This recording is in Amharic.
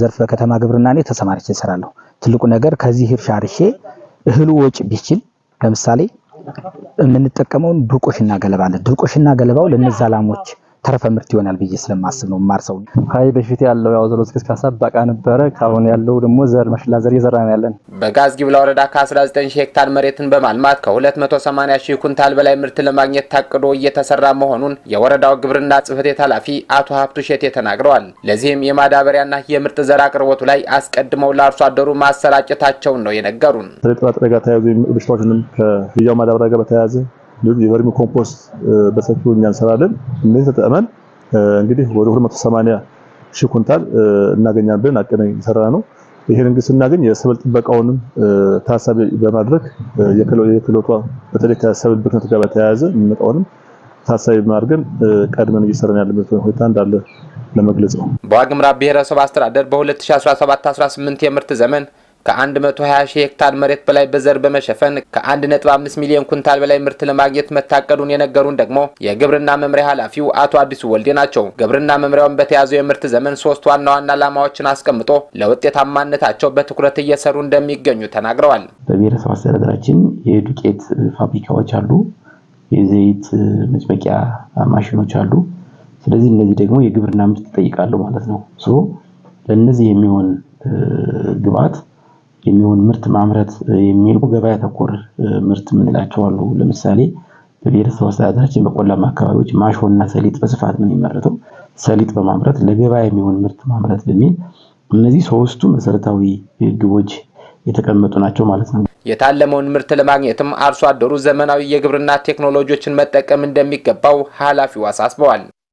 ዘርፍ በከተማ ግብርና ላይ ተሰማርቼ እሰራለሁ። ትልቁ ነገር ከዚህ እርሻ አርሼ እህሉ ወጭ ቢችል ለምሳሌ የምንጠቀመውን ድርቆሽና ገለባ አለ። ድርቆሽና ገለባው ለነዛ ላሞች ተረፈ ምርት ይሆናል ብዬ ስለማስብ ነው ማርሰው። አይ በፊት ያለው ያው ዘሎ እስከ ሀሳብ በቃ ነበረ። ካሁን ያለው ደግሞ ዘር መሽላ ዘር እየዘራ ነው ያለን። በጋዝ ጊብላ ወረዳ ከ 19 ሄክታር መሬትን በማልማት ከ280 ሺህ ኩንታል በላይ ምርት ለማግኘት ታቅዶ እየተሰራ መሆኑን የወረዳው ግብርና ጽህፈት ቤት ኃላፊ አቶ ሀብቱ ሼቴ ተናግረዋል። ለዚህም የማዳበሪያና የምርጥ ዘር አቅርቦቱ ላይ አስቀድመው ለአርሶ አደሩ ማሰራጨታቸውን ነው የነገሩን። ጥጥ ጥረጋ ተያዙ በሽታዎችንም ከያው ማዳበሪያ ጋር በተያያዘ እንዲሁም የቨርሚ ኮምፖስት በሰፊው እኛ እንሰራለን። እነዚህ ተጠቅመን እንግዲህ ወደ 280 ሺህ ኩንታል እናገኛለን ብለን አቅደን እየሰራ ነው። ይሄን እንግዲህ ስናገኝ የሰብል ጥበቃውንም ታሳቢ በማድረግ የክሎቷ በተለይ ከሰብል ብክነት ጋር በተያያዘ የሚመጣውንም ታሳቢ በማድረግን ቀድመን እየሰራን ያለበት ሁኔታ እንዳለ ለመግለጽ ነው። በዋግምራ ብሔረሰብ አስተዳደር በ2017/18 የምርት ዘመን ከ120 ሺህ ሄክታር መሬት በላይ በዘር በመሸፈን ከ1.5 ሚሊዮን ኩንታል በላይ ምርት ለማግኘት መታቀዱን የነገሩን ደግሞ የግብርና መምሪያ ኃላፊው አቶ አዲሱ ወልዴ ናቸው። ግብርና መምሪያውን በተያዘው የምርት ዘመን ሶስት ዋና ዋና ዓላማዎችን አስቀምጦ ለውጤታማነታቸው በትኩረት እየሰሩ እንደሚገኙ ተናግረዋል። በብሔረሰብ አስተዳደራችን የዱቄት ፋብሪካዎች አሉ፣ የዘይት መጭመቂያ ማሽኖች አሉ። ስለዚህ እነዚህ ደግሞ የግብርና ምርት ይጠይቃሉ ማለት ነው። ለእነዚህ የሚሆን ግብዓት። የሚሆን ምርት ማምረት የሚሉ ገበያ ተኮር ምርት የምንላቸው አሉ። ለምሳሌ በብሔረሰብ አስተዳደራችን በቆላማ አካባቢዎች ማሾና ሰሊጥ በስፋት ነው የሚመረተው። ሰሊጥ በማምረት ለገበያ የሚሆን ምርት ማምረት በሚል እነዚህ ሶስቱ መሰረታዊ ግቦች የተቀመጡ ናቸው ማለት ነው። የታለመውን ምርት ለማግኘትም አርሶ አደሩ ዘመናዊ የግብርና ቴክኖሎጂዎችን መጠቀም እንደሚገባው ኃላፊው አሳስበዋል።